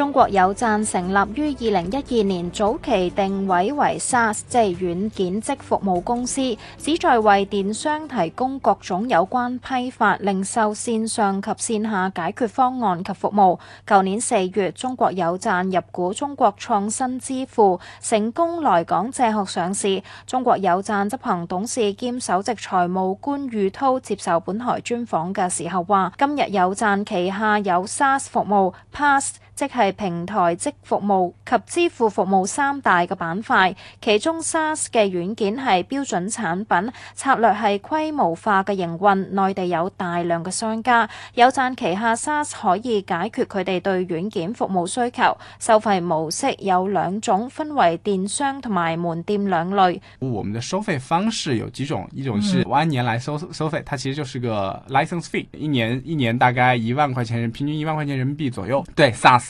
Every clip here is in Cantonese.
中國有贊成立於二零一二年，早期定位為 SaaS，即係軟件即服務公司，旨在為電商提供各種有關批發、零售、線上及線下解決方案及服務。舊年四月，中國有贊入股中國創新支付，成功來港借殼上市。中國有贊執行董事兼首席財務官俞韜接受本台專訪嘅時候話，今日有贊旗下有 SaaS 服務 PaaS。PAST, 即係平台即服務及支付服務三大嘅板塊，其中 SaaS 嘅軟件係標準產品，策略係規模化嘅營運，內地有大量嘅商家，有贊旗下 SaaS 可以解決佢哋對軟件服務需求。收費模式有兩種，分為電商同埋門店兩類。我們的收費方式有幾種，一種是、嗯、按年來收收費，它其實就是個 license fee，一年一年大概一萬塊錢，平均一萬塊錢人民幣左右。對 SaaS。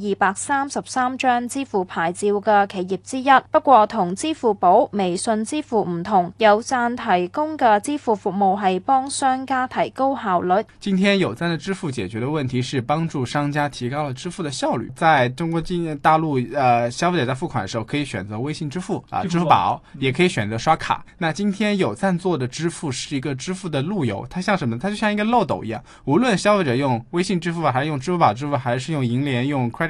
二百三十三張支付牌照嘅企業之一，不過同支付寶、微信支付唔同，有贊提供嘅支付服務係幫商家提高效率。今天有贊的支付解決的問題是幫助商家提高了支付的效率。在中國今年大陸，呃，消費者在付款的時候可以選擇微信支付，支付啊、支付寶、嗯，也可以選擇刷卡。那今天有贊做的支付是一個支付的路由，它像什麼？它就像一個漏斗一樣，無論消費者用微信支付，還是用支付寶支付，還是用銀聯、用 Credit。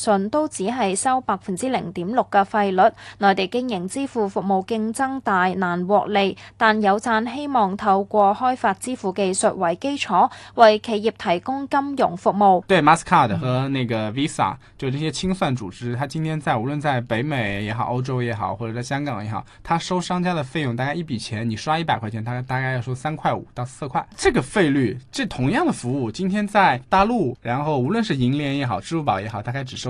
信都只係收百分之零點六嘅費率，內地經營支付服務競爭大，難獲利，但有贊希望透過開發支付技術為基礎，為企業提供金融服務。對，Mastercard 和那個 Visa 就這些清算組織，他今天在無論在北美也好、歐洲也好，或者在香港也好，他收商家的費用，大概一筆錢，你刷一百塊錢，他大概要收三塊五到四塊。這個費率，這同樣的服務，今天在大陸，然後無論是銀聯也好、支付寶也好，大概只收，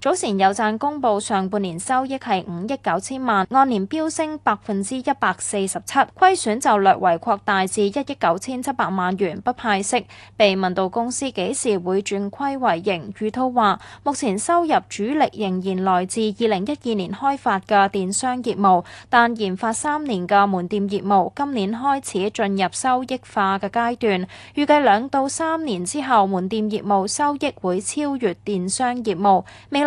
早前有贊公布上半年收益係五億九千萬，按年飆升百分之一百四十七，虧損就略為擴大至一億九千七百萬元，不派息。被問到公司幾時會轉虧為盈，俞韜話：目前收入主力仍然來自二零一二年開發嘅電商業務，但研發三年嘅門店業務今年開始進入收益化嘅階段，預計兩到三年之後門店業務收益會超越電商業務。未。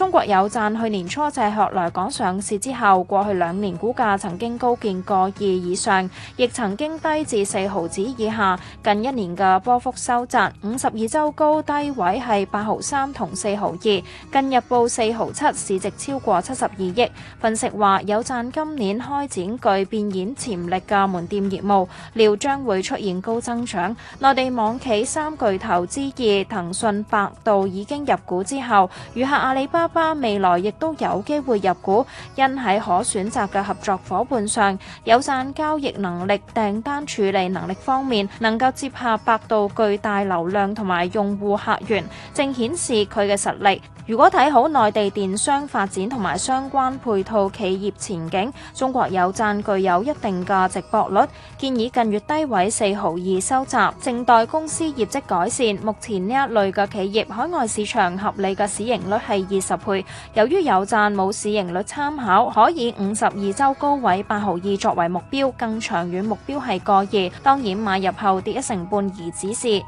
中國有贊去年初借殼來港上市之後，過去兩年股價曾經高見過二以上，亦曾經低至四毫子以下。近一年嘅波幅收窄，五十二週高低位係八毫三同四毫二，近日報四毫七，市值超過七十二億。分析話，有贊今年開展具變現潛力嘅門店業務，料將會出現高增長。內地網企三巨頭之二騰訊、百度已經入股之後，餘下阿里巴巴未來亦都有機會入股，因喺可選擇嘅合作伙伴上，有贊交易能力、訂單處理能力方面，能夠接下百度巨大流量同埋用戶客源，正顯示佢嘅實力。如果睇好內地電商發展同埋相關配套企業前景，中國有贊具有一定嘅值博率，建議近月低位四毫二收集，正待公司業績改善。目前呢一類嘅企業海外市場合理嘅市盈率係二十。由於有贊冇市盈率參考，可以五十二周高位八毫二作為目標，更長遠目標係個二。當然買入後跌一成半而止蝕。